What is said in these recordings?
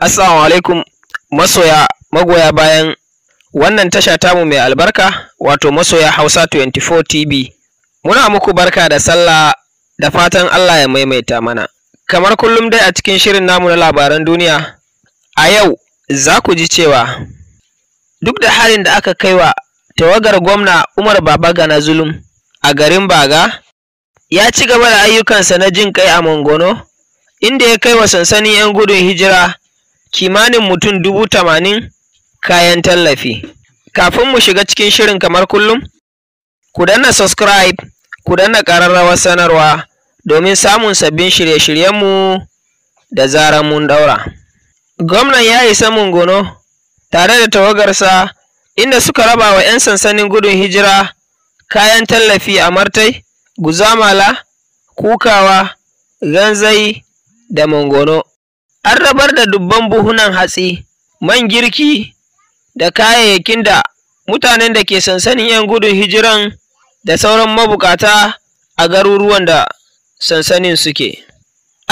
Assalamu alaikum masoya magoya bayan wannan tasha tamu mai albarka wato masoya Hausa 24 TV. Muna muku barka da sallah da fatan Allah ya maimaita mana. Kamar kullum dai a cikin shirin namu na labaran duniya, a yau za ku ji cewa duk da halin da aka kaiwa tawagar gwamna Umar Babaga na zulum a garin Baga, ya ci gaba da ayyukansa na jin kai a Mongono, inda ya kai wa sansanin 'yan gudun hijira kimanin mutum dubu tamanin kayan tallafi. Kafin mu shiga cikin shirin kamar kullum, ku danna subscribe, ku danna ƙararrawar sanarwa domin samun sabbin shirye-shiryenmu da zarar mun ɗaura. Gwamnan ya isa Mungono tare da tawagarsa inda suka raba wa 'yan sansanin gudun hijira kayan tallafi a Martai, Guzamala, Kukawa, Ganzai da mangono An rabar da dubban buhunan hatsi, man girki, da kayayyakin da mutanen da ke sansanin 'yan gudun hijiran da sauran mabukata a garuruwan da sansanin suke.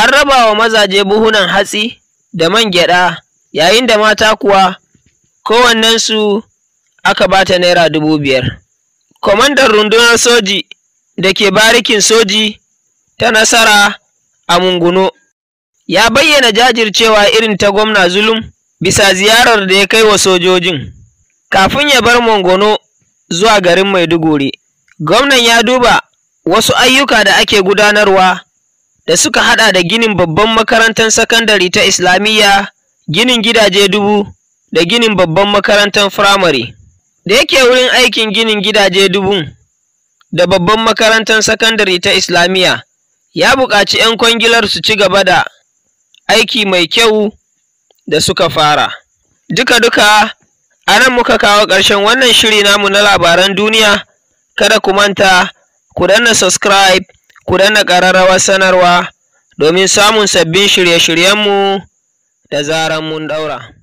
An raba wa mazaje buhunan hatsi da man gyada yayin da mata kuwa kowannensu aka ba ta naira dubu biyar. Kwamandan rundunar soji da ke barikin soji ta nasara a Munguno. ya bayyana jajircewa irin ta gwamna Zulum bisa ziyarar da ya kai wa sojojin. Kafin ya bar Mongono zuwa garin Maiduguri, gwamnan ya duba wasu ayyuka da ake gudanarwa da suka hada da ginin babban makarantar sakandare ta Islamiyya, ginin gidaje dubu da ginin babban makarantar firamare. Da yake wurin aikin ginin gidaje dubu da babban makarantar sakandare ta Islamiyya, ya buƙaci ‘yan kwangilar su ci gaba da aiki mai kyau da suka fara. Duka-duka a nan muka kawo ƙarshen wannan shiri namu na labaran duniya, kada ku manta ku danna subscribe, ku danna ƙararrawar sanarwa domin samun sabbin shirye-shiryenmu da zaran mun ɗaura.